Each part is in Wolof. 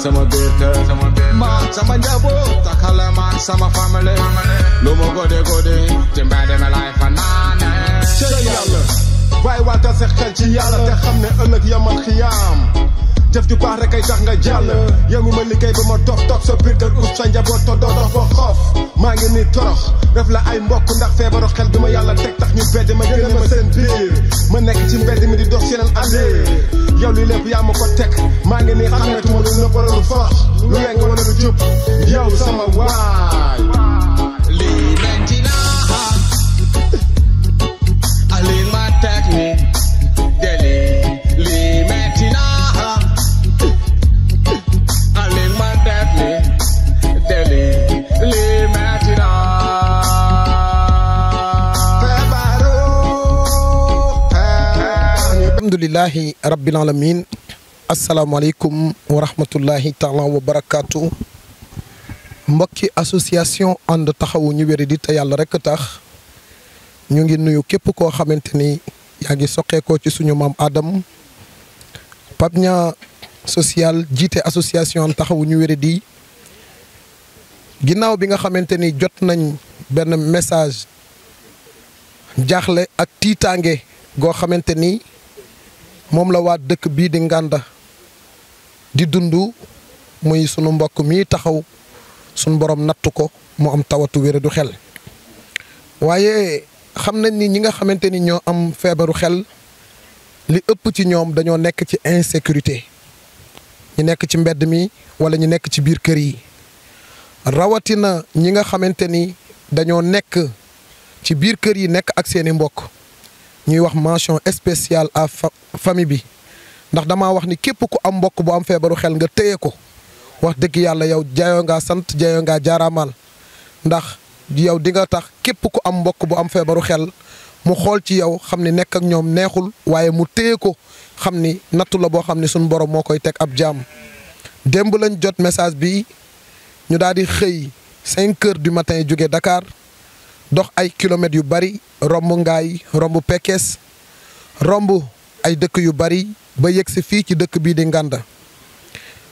sama daughter, man sama jabo, takala man sama family. Lomo gode gode, jimbade me life anane. Shay yalla, way wata sekkel ci yalla te xamne ëlëk yamal xiyam. jëf ju baax rek ay tax nga jàll yow mi ma liggéey ba ma dof toog sa biir kër ut sa njaboot te doo xoof maa ngi ni torox def la ay mbokk ndax feebaru xel bi ma yàlla teg tax ñu beddi ma génne ma seen biir ma nekk ci mbedd mi di dox seeneen allée yow li lépp yaa ma ko teg maa ngi ni xàmmeetuma lu nëpp wala lu foox lu yeng wala lu jub yow sama waay alhamdulilahi rabbil alamin asalaamaaleykum wa rahmatullahi taala wa barakaatu mbokki association ànd taxawu ñu wéri di te yàlla rek tax ñu ngi nuyu képp koo xamante ni yaa ngi soqeekoo ci suñu maam Adam Pape Niang social jiite association taxawu ñu wéri di ginnaaw bi nga xamante ni jot nañ benn message jaaxle ak tiitaange goo xamante ni. mom la wa dekk bi di Nganda di dundu muy sunu mbokk mi taxaw sunu borom nattu ko mu am tawatu wéré du xel waaye xamnañ ni ñi nga xamanteni ño am feebaru xel li ëpp ci ñom dañoo nekk ci insécurité ñi nekk ci mbedd mi wala ñi nekk ci biir kër yi rawatina ñi nga xamanteni dañoo nekk ci biir kër yi nekk ak seeni mbokk ñuy wax mention spéciale à famille bi ndax dama wax ni képp ku am mbokk bu am feebaru xel nga téye ko wax dëgg yàlla yow jaayoo ngaa sant jaayoo ngaa jaaraamaal ndax yow di nga tax képp ku am mbokk bu am feebaru xel mu xool ci yow xam ni nekk ak ñoom neexul waaye mu téye ko xam ni nattu la boo xam ni suñu borom moo koy teg ab jàmm démb lañ jot message bi ñu daal di xëy 5 heures du matin jóge Dakar dox ay kilomètre yu bari rombu ngaay rombu pekes rombu ay dëkk yu bari ba yegg si fii ci dëkk bii di Nganda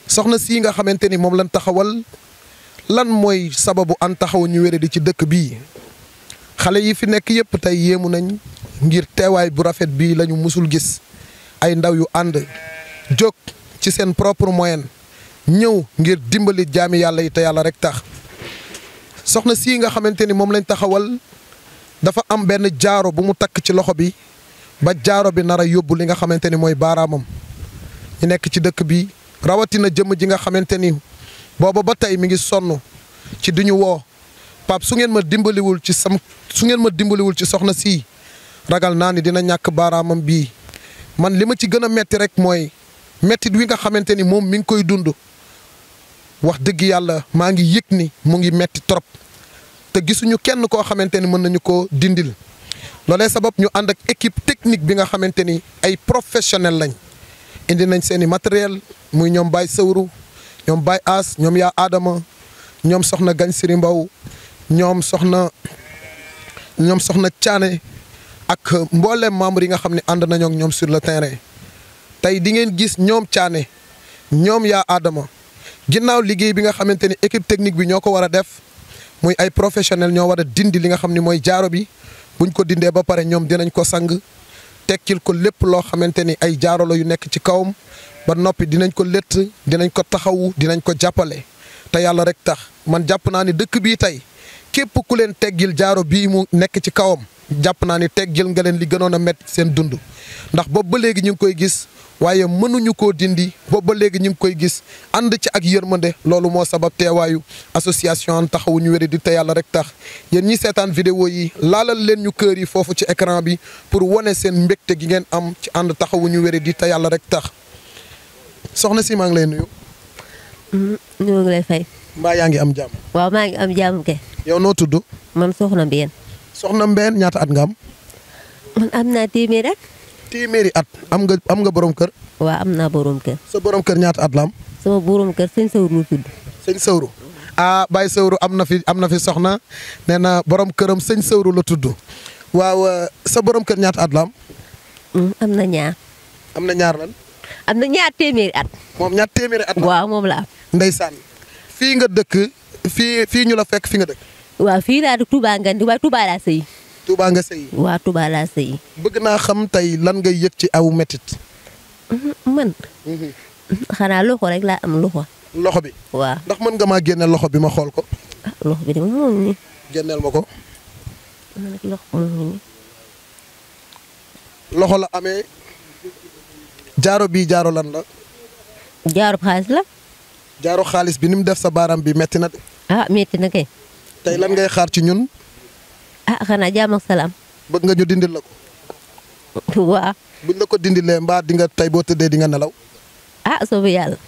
soxna si nga xamante ni moom lañ taxawal lan mooy sababu an taxaw ñu wéré di ci dëkk bii xale yi fi nekk yépp tey yéemu nañ ngir teewaay bu rafet bii lañu musul gis ay ndaw yu ànd jóg ci seen propre moyen ñëw ngir dimbali jaami yàlla yi te yàlla rek tax soxna sii nga xamante ni moom lañ taxawal dafa am benn jaaro bu mu takk ci loxo bi ba jaaro bi nar a yóbbu li nga xamante ni mooy baaraamam ñu nekk ci dëkk bi rawatina jëmm ji nga xamante ni booba ba tey mi ngi sonn ci ñu woo Pape su ngeen ma dimbaliwul ci sam su ngeen ma dimbaliwul ci soxna sii ragal naa ni dina ñàkk baaraamam bii man li ma ci gën a metti rek mooy mettit wi nga xamante ni moom mi ngi koy dund wax deug yalla mangi ngi yekni mo ngi metti trop te gisunu kenn ko xamanteni meun nañu ko dindil lolé sabab ñu and ak équipe technique bi nga xamanteni ay professionnel lañ indi nañ seeni matériel muy ñom bay Sawru ñom bay As ñom ya Adama ñom soxna gan Siri Mbaw ñom soxna ñom soxna tiané ak mbolé membres yi nga xamni and nañu nañoo ak ñoom sur le terrain tay di ngeen gis ñom tiané ñom ya Adama ginnaaw liggéey bi nga xamante ni équipe technique bi ñoo ko war a def muy ay professionnel ñoo war a dindi li nga xam ni mooy jaaro bi buñ ko dindee ba pare ñoom dinañ ko sang tekkil ko lépp loo xamante ni ay jaaro la yu nekk ci kawam ba noppi dinañ ko létt dinañ ko taxawu dinañ ko jàppale te yàlla rek tax man jàpp naa ni dëkk bii tey képp ku leen teggil jaaro bii mu nekk ci kawam jàpp naa ni teggil nga leen li gënoon a métti seen dund ndax boobu ba léegi ñu ngi koy gis waaye mënuñu koo dindi booba léegi ñu ngi koy gis ànd ci ak yërmande loolu moo sabab teewaayu association taxawu ñu wéri di te yàlla rek tax yéen ñi seetaan vidéo yi laalal leen ñu kër yi foofu ci écran bi pour wane seen mbégte gi ngeen am ci ànd taxawu ñu wéri di te yàlla rek tax soxna si maa ngi lay nuyu. Mm, ñu ngi lay fay. mbaa yaa ngi am jàmm. waaw maa ngi am jàmm ke. yow noo tudd. man soxna Mbène. soxna Mbène ñaata at nga am. man am naa téeméer rek. téeméeri at am nga am borom kër. waaw am naa borom kër. sa borom kër ñaata at la am. sama borom kër sëñ Sawru mu tudd. sëñ Sawru ah Baye Sawru am na fi am na fi soxna nee na borom këram sëñ Sawru la tudd waaw eh, sa borom kër ñaata at la mm, am. na ñaar. am na ñaar lan. am na ñaar téeméeri at. moom ñaar téeméeri at. waaw moom la am. ndeysaan fii nga dëkk fii fii ñu la fekk fi nga dëkk. waaw fii laa dëkk Ngandi waaye Touba laa sëy Touba nga sëyi. waa Touba laa sëyi. bëgg naa xam tey lan ngay yëg ci aw métit. Mm-hmm. man. Mm-hmm. xanaa loxo rek laa am loxo. loxo bi. waaw ndax mën nga maa génne loxo bi ma xool ko. ah loxo ma ko. loxo la amee jaaro bii jaaro lan la. jaaro xaalis la. jaaro xaalis bi ni mu def sa baaram bi metti na de. ah metti na kay. tey lan ngay xaar ci ñun. ah xanaa jaam ak salaam. bëgg nga ñu dindil la ko. waaw. buñ la ko dindilee mbaa di nga tey boo tëddee di nga nelaw. ah soobu yàlla.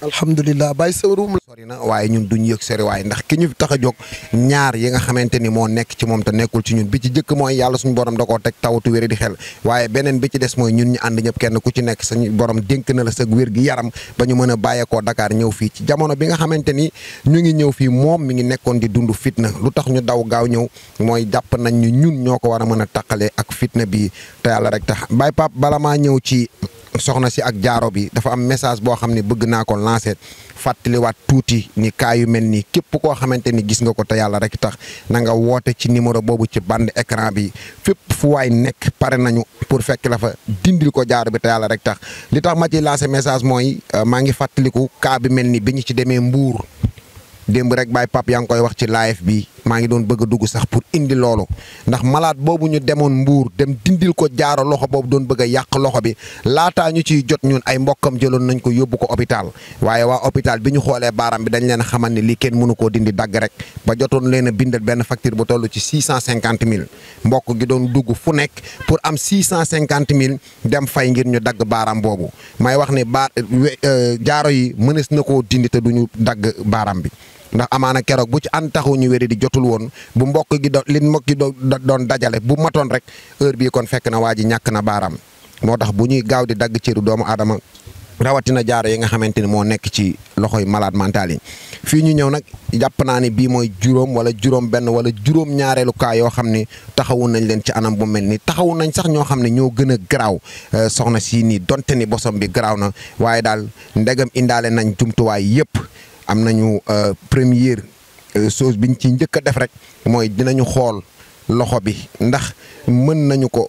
Alhamdulillah, bay sa ruum sori na waye ñun duñ yëg sori waye ndax ki ñu tax a ñaar yi nga xamanteni mo nekk ci mom te nekkul ci ñun bi ci jëk moy yalla suñu borom da koo teg tawatu wéri di xel waye benen bi ci dess moy ñun ñi and ñep kenn ku ci nekk suñu borom denk na la sa wër gi yaram ba ñu mën a Dakar ñëw fi ci jamono bi nga xamanteni ñu ngi ñëw fi mom mi ngi nekkon di dundu fitna lu tax ñu daw gaaw ñëw moy japp nañ ñu ñun ñoko wara mëna takalé ak fitna bi te yalla rek tax bàyyi pap bala ma ñëw ci soxna si ak jaaro bi dafa am message boo xam ne bëgg naa ko lancer fàttaliwaat tuuti ni kaa yu mel nii képp koo xamante ni gis nga ko te yàlla rek tax na nga woote ci numéro boobu ci band écran bi fépp fu waay nekk pare nañu pour fekk la fa dindil ko jaaro bi te yàlla rek tax li tax ma ciy lancer message mooy euh, maa ngi fàttaliku kaa bi mel ni bi ñu ci demee Mbuur démb rek Baye Pape yaa ngi koy wax ci live bi maa ngi doon bëgg dugg sax pour indi loolu ndax malaat boobu ñu demoon mbuur dem dindil ko jaaro loxo boobu doon bëgg a yàq loxo bi laataa ñu ciy jot ñun ay mbokkam jëloon nañ ko yóbbu ko hôpital waaye waa hôpital bi ñu xoolee baaram bi dañ leen xamal ne lii kenn mënu ko dindi dagg rek ba jotoon leen a bindal benn facture bu tollu ci six cent mille mbokk gi doon dugg fu nekk pour am six cent cinquante mille dem fay ngir ñu dagg baaram boobu may wax ne baar euh, jaaro yi mënees na koo dindi te duñu dagg baaram bi ndax amana kérok bu ci an taxu ñu wéré di jotul won bu mbokk gi do lin mbokk gi doon dajale bu maton rek heure bi kon fekk na waji ñak na baram motax bu ñuy gaaw di ci ru doomu rawati na jaar yi nga xamanteni ni nekk ci loxoy malade mentale fi ñu ñew nak japp na ni bi moy wala juróom ben wala juróom ñaarelu ka yo xamni ni taxawu nañ leen ci anam bu melni taxawu nañ sax ño xamni ño gëna graw eh, soxna si ni donte ni bosom bi graw na waye dal ndegam indale nañ way yépp am nañu euh, première euh, chose biñ ci njëkk a def rek mooy dinañu xool loxo bi ndax mën nañu ko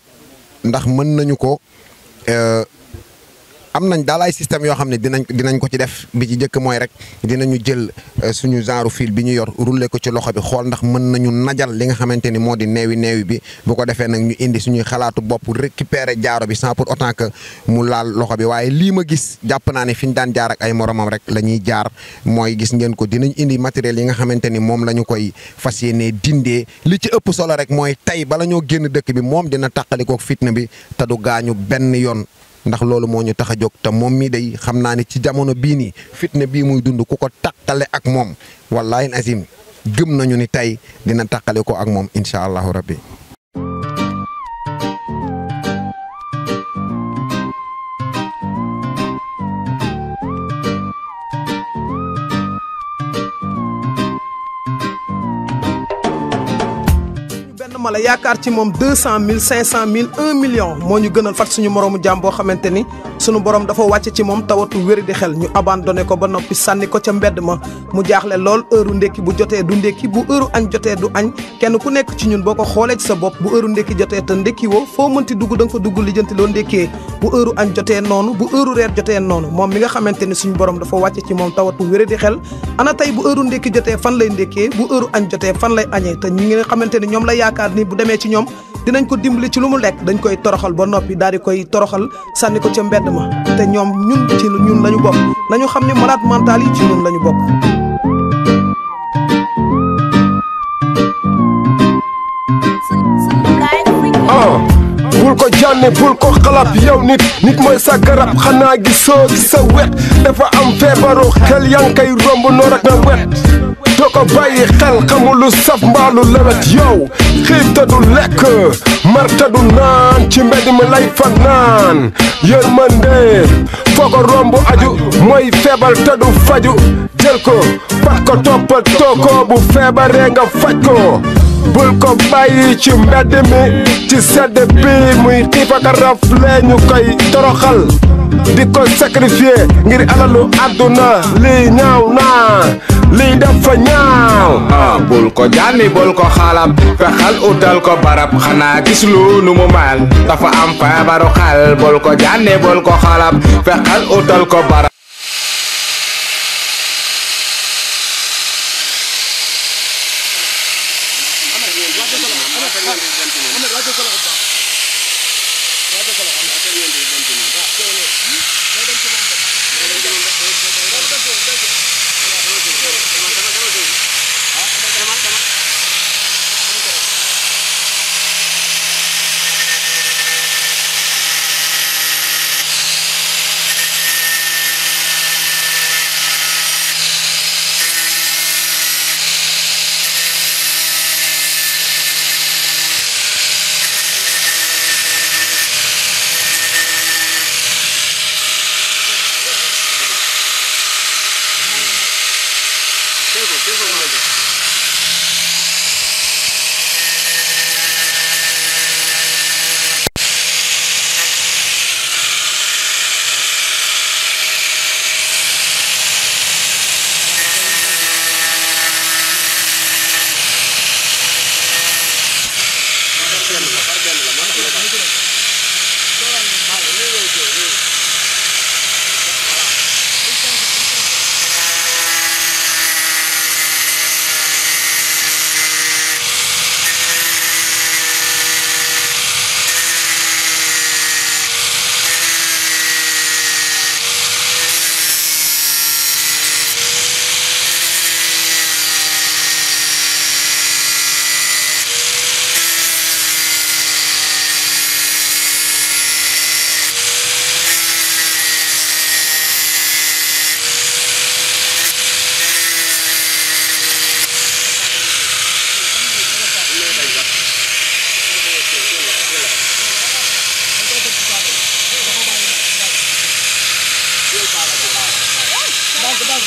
ndax mën nañu ko euh, am nañ daal ay système yoo xam ne dinañ dinañ ko ci def bi ci njëkk mooy rek dinañu jël euh, suñu genre fil bi ñu yor rulle ko ci loxo bi xool ndax mën nañu najal li nga xamante ni moo di neewi neewi bi bu ko defee nag ñu indi suñuy xalaatu bopp récupérer jaaro bi sans pour autant que mu laal loxo bi waaye lii ma gis jàpp naa ne fi ñu daan jaar ay moromam rek la ñuy jaar mooy gis ngeen ko dinañ indi matériel yi nga xamante ni moom la ñu koy fas yéenee dindee li ci ëpp solo rek mooy tey bala ñoo génn dëkk bi moom dina tàqalikook fitna bi te du gaañu benn yoon ndax loolu moo ñu tax a jóg te moom mii day xam naa ne ci jamono bii nii fitna bii muy dund ku ko taqale ak moom wallaahi azim gëm nañu ni tey dina taqale ko ak moom incha allahu rabbi waxuma la yaakaar ci moom deux cent mille cinq cent mille un million moo ñu gënal fat suñu moroomu jaam boo xamante ni suñu borom dafa wàcc ci moom tawatu wéri xel du ndékki bu heure añ jotee du ku nekk ci ñun boo ko xoolee ci sa bopp bu heure ndékki jotee te ndékki woo foo mënti dugg da nga ko dugg lijjanti loo ndékkee bu heure añ jotee noonu bu heure reer jotee noonu moom mi nga xamante ni suñu dafa wàcc ci moom tawatu wéri di xel ana tey bu heure ndékki jotee fan lay ndékkee bu heure añ jotee fan lay añee te ñi nga xamante ñoom la yaakaar ni bu démé ci ñom dinañ ko dimbali ci lu mu lek dañ koy toroxal ba nopi daal di koy toroxal sanni ko ci mbedd ma té ñom ñun ci ñun lañu bok lañu xamni malade mental yi ci ñun lañu bok ah, bul ko jànni bul ko xalaat yow nit nit mooy sa garab xanaa gisoo gis sa wet dafa am feebaru xel yaa ngi koy romb na wet doo ko bàyyi xel xamul lu saf mbaalu lewet yow xiif te du lekk mar te du naan ci mbedd mi lay fanaan yërmande foo ko romb aju mooy feebar te du faju jël ko pat ko toppatoo ko bu feebaree nga faj ko bul ko bàyyi ci mbedd mi ci sedd bi muy xiif ak raf lee koy toroxal di ko sacrifier ngir alalu àdduna lii ñaaw naa lii dafa ñaaw bul ko jani bul ko xalam fexal utal ko barab xana gis lu nu mu mel dafa am feebaru xal bul ko jani bul ko xalam fexal utal ko barab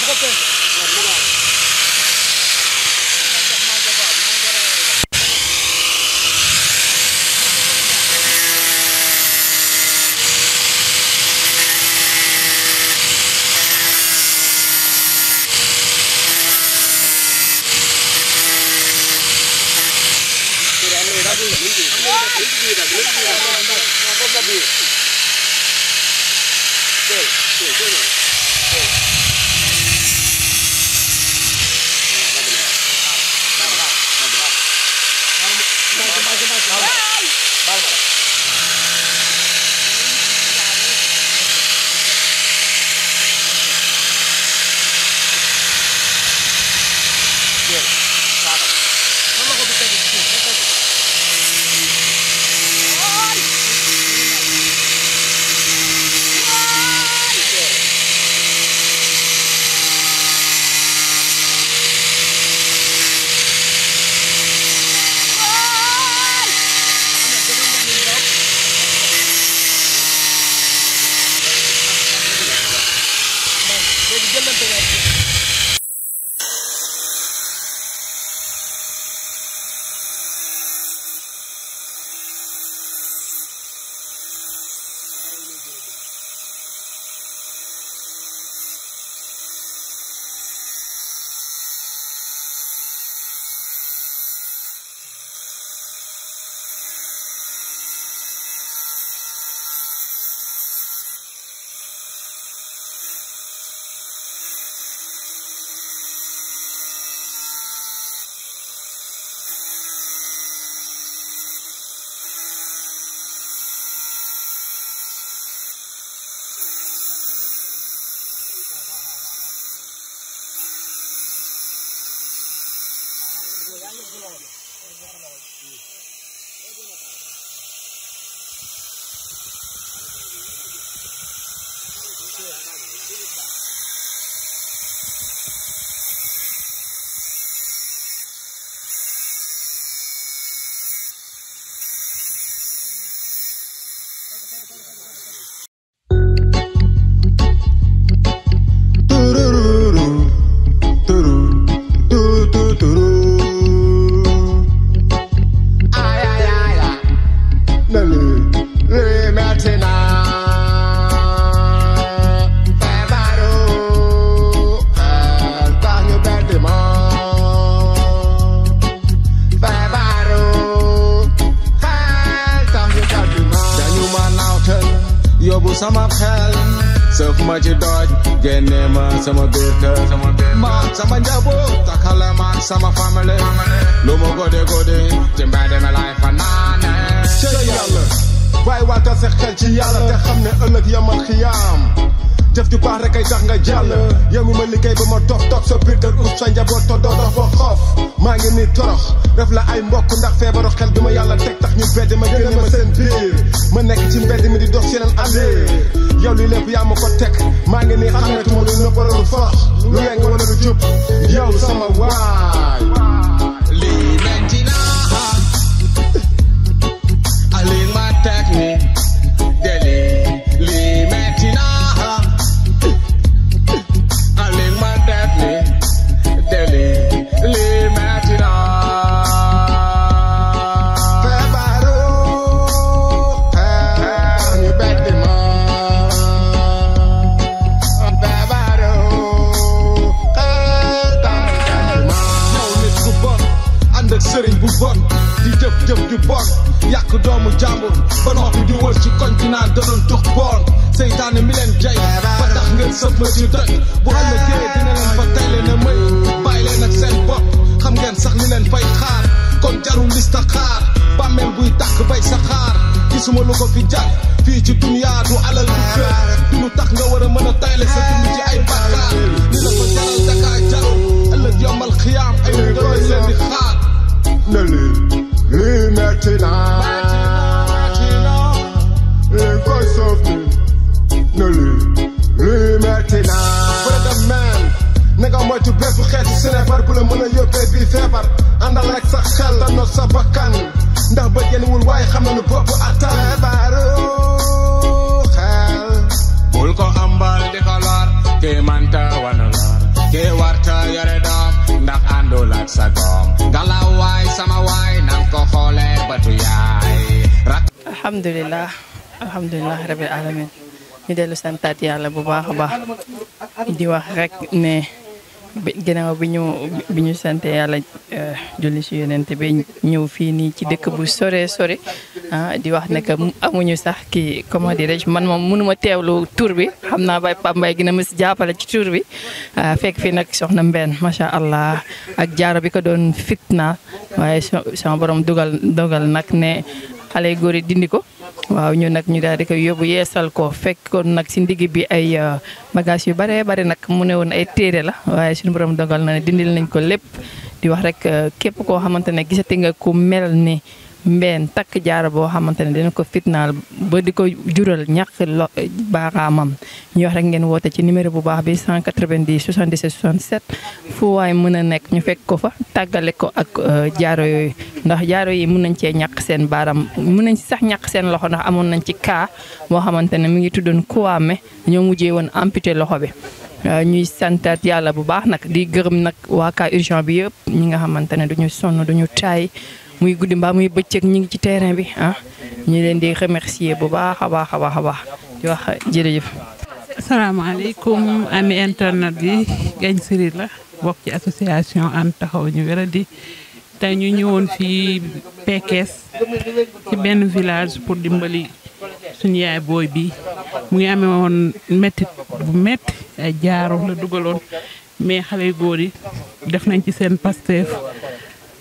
動く Thank you. sama family lu ma gode gode waaye waatal sa xel ci yàlla te xam ne ëllëg yamal xiyaam jëf ju baax rek ay tax nga jàll yow mi ma liggéey ba ma dox toog sa biir kër ut sa njaboot te doo dox xoof maa ngi nii torox def la ay mbokk ndax feebaru xel bi ma yàlla teg tax ñu bedd ma génne ma seen biir ma nekk ci mbedd mi di dox seeneen allée yow li lépp yaa ma maa ngi nii xam ne tuma lu nëbb wala lu faax lu yeng lu jub yow sama waay feebar bu la mën a yóbbee bii rek sa xel tan sa bakkan ndax ba yéen wul way xam nañu bop attan feebaru xel bul ko ambal di xalar ke manta wana lor kii warta yare da ndax andol ak sa gom gala way sama way nang ko xoolee batu yaay alhamdulillah alhamdulillah rabbil alamin ñu delu santat yalla bu baax a baax di wax rek ne bi ginnaaw bi ñu bi ñu sante yàlla eh, julli ci yonent bi ñëw fii nii ci dëkk bu sore sori ah di wax ne que amuñu sax kii comment dirais-je man moom mënuma teewlu tur bi xam naa bay Pape Mbaye gina ma si jàppale ci tur bi ah, fekk fii nag soxna Mbène macha allah ak jaaro bi ko doon fitna waaye sama borom dogal dogal nag ne xale góor yi dindi ko. waaw ñu nak ñu daal di koy yóbbu yeesal ko fekk ko nag si ndigg bi ay euh, bagage yu bare bare nag mu ne woon ay téere la waaye suñu borom dogal na ne dindil nañ ko lépp di wax rek euh, képp koo xamante ne gisati nga ku mel ni mbeen takk jaara boo xamante ne dina ko fitnaal ba di ko jural ñàkk lo baaxaamam ñu wax rek ngeen woote ci numéro bu baax bi 190 77 67 fu waay mën a nekk ñu fekk ko fa tàggale ko ak euh, jaaro yooyu ndax jaaro yi mën nañ cee ñàkk seen baaram mën nañ ci sax ñàkk seen loxo ndax amoon nañ ci cas moo xamante ne mi ngi tuddoon kuwaame ñoo mujjee woon amputé loxo bi euh, ñuy santaat yàlla bu baax nag di gërëm nag waa cas urgent bi yëpp ñi nga xamante ne duñu sonn duñu taay muy guddi mbaa muy bëccëg ñi ngi ci terrain bi ah ñu leen di remercier bu baax a baax a baax a baax di wax jërëjëf asalaamaaleykum ami internet yi gañ siri la bokk ci association am taxaw ñu di. tey ñu ñëwoon fii Pekes ci benn village pour dimbali suñu yaay booy bi mu ngi amee woon métti bu métti ay jaaro la dugaloon mais xale yu góor yi def nañ ci seen Pastef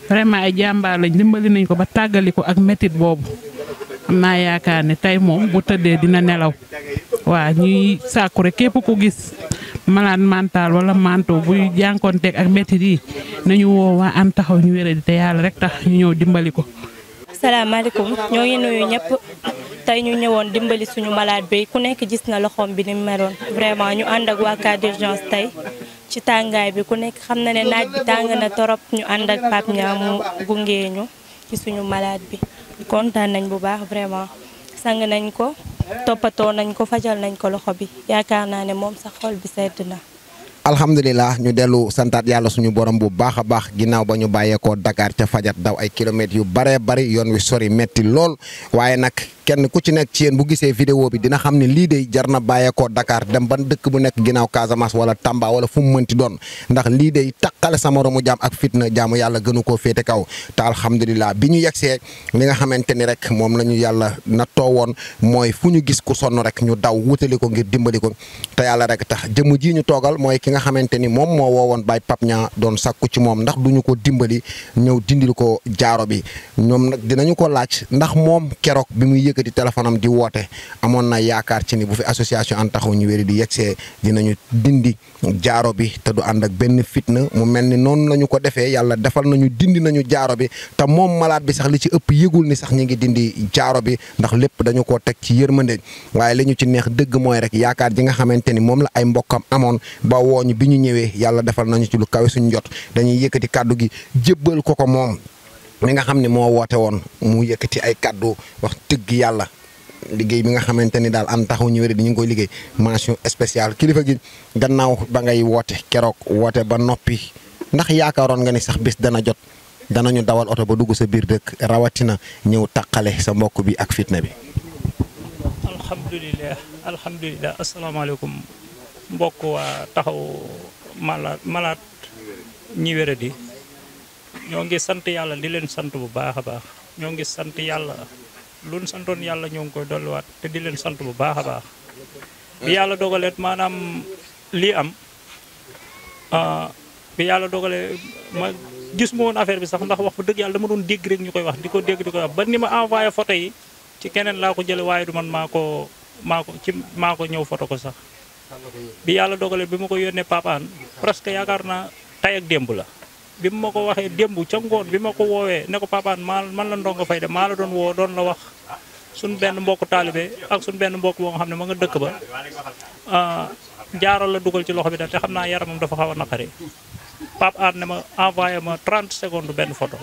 vraiment ay jàmbaar lañ dimbali nañ ko ba tàggali ko ak métit boobu am naa yaakaar ne tey moom bu tëddee dina nelaw waa ñuy sàkku rek képp ku gis malade mental wala manto buy jànkoonteeg ak mettit yi nañu woo waa am taxaw ñu wéradi te yàlla rek tax ñu ñëw dimbali ko. asalaamaaleykum ñoo ngi nuyu ñëpp tey ñu ñëwoon dimbali suñu malaat bi ku nekk gis na loxoom bi ni mu meloon vraiment ñu ànd ak waa cas d'urgence tey ci tàngaay bi ku nekk xam na ne naaj bi tàng na torop ñu ànd ak Pape Niang mu ci suñu malaat bi kontaan nañ bu baax vraiment sang nañ ko. toppatoo nañ ko fajal nañ ko loxo bi yaakaar naa ne moom sax xol bi sedd na. alhamdulilah ñu dellu santaat yàlla suñu borom bu baax a baax ginnaaw ba ñu bàyyeekoo dakaar ca fajat daw ay kilomètres yu baree bari yoon wi sori metti lool waaye nag. kenn ku ci nekk ci yéen bu gisee vidéo bi dina xam ne lii de jar na bàyyeekoo Dakar dem ban dëkk bu nekk ginnaaw Casamance wala Tamba wala fu mu mënti doon ndax lii de takkale sa moromu jaam ak fitna jaamu yàlla gënu koo féete kaw te alhamdulilah bi ñu yegsee li nga xamante ni rek moom la ñu yàlla na nattoo woon mooy fu ñu gis ku sonn rek ñu daw wutali ko ngir dimbali ko te yàlla rek tax jëmu ji ñu toogal mooy ki nga xamante ni moom moo woowoon baa Pape Niang doon sakku ci moom ndax duñu ko dimbali ñëw dindil ko jaaro bi yëkkati téléphone am di woote amoon na yaakaar ci ni bu fi association Ande Taxawu Ñu Wéri di yegsee dinañu dindi jaaro bi te du ànd ak benn fitna mu mel ni noonu lañu ko defee yàlla defal nañu dindi nañu jaaro bi te moom malade bi sax li ci ëpp yëgul ni sax ñu ngi dindi jaaro bi ndax lépp dañu ko teg ci yërmande waaye li ñu ci neex dëgg mooy rek yaakaar ji nga xamante ni moom la ay mbokkam amoon ba wooñu bi ñu ñëwee yàlla defal nañu ci lu kawe suñu jot dañuy yëkkati kàddu gi jébbal ko ko moom mi nga xam mo wote won mu yëkëti ay kaddu wax tegg yalla liggéey bi nga xamanteni dal am an taxaw ñu wéri di ñu koy liggéey mention spéciale kilifa gi gannaaw ba ngay wote kérok wote ba nopi ndax yaakaaroon nga ni sax bis dana jot danañu dawal auto ba dugg sa biir dëkk rawatina ñew takalé sa mbokk bi ak fitna bi. alhamdulillah assalamu boko mbokk wa taxaw malat malat ñi di ñoo ngi sant yàlla di leen sant bu baax a baax ñoo ngi sant yàlla luñ santoon yàlla ñoo ngi koy dolliwaat te di leen sant bu baax a baax bi yàlla dogaleet maanaam lii am ah, bi yàlla dogalee ma gis ma woon affaire bi sax ndax wax fa dëgg yàlla dama doon dégg rek ñu koy wax di ko dégg di koy wax ba ni ma envoyé photo yi ci keneen laa ko jële waaye du man maa ko maa ko ci maa ko ñëw photo ko sax bi yàlla dogalee bi ma ko yónnee papaan presque yaakaar naa tay démb la bi mu ma ko waxee démb ca ngoon bi ma ko woowee ne ko papaan maa man la ndongo fay de maa la doon woo doon la wax suñ benn mbokk taalibe ak suñ benn mbokk boo nga xam ne ma nga dëkk ba ah, jaaral la dugal ci loxo bi daal te xam naa yaramam dafa xaw a naqari Pape Aan ne ma envoyé ma 30 secondes benn photo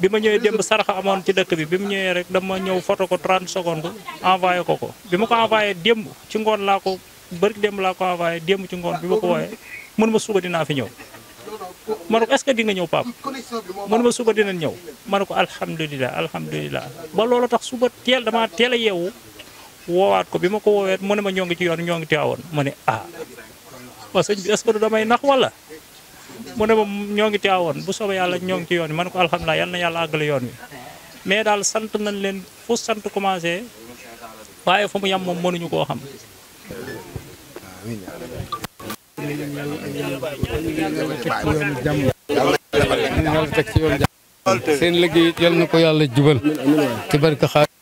bi ma ñëwee démb saraxa amoon ci dëkk bi bi mu ñëwee rek dama ñëw photo ko 30 secondes envoyé ko ko bi ma ko démb ci ngoon laa ko bëri démb laa ko envoyé démb ci ngoon bi ma ko wooyee mën ma suba dinaa fi ñëw Manuk ne ko est ce que di nga pap ma suba dina ñëw Manuk alhamdulillah alhamdulillah. ba lolo tax suba teel dama teel a yeewu ko bima ko woowee mu ma ñoo ci yoon ñoo ngi teewoon ah wa sëñ bi est dama que nax wala mu ma ñoo ngi bu soba yalla ñoo ci yoon wi ma yalla na mais dal sant nañ len fu sant commencer waye fu mu yam mënuñu ko xam yàlla teg ci yoonu jàmm seen liggéey yal na ko yàlla jubal ci barke xaar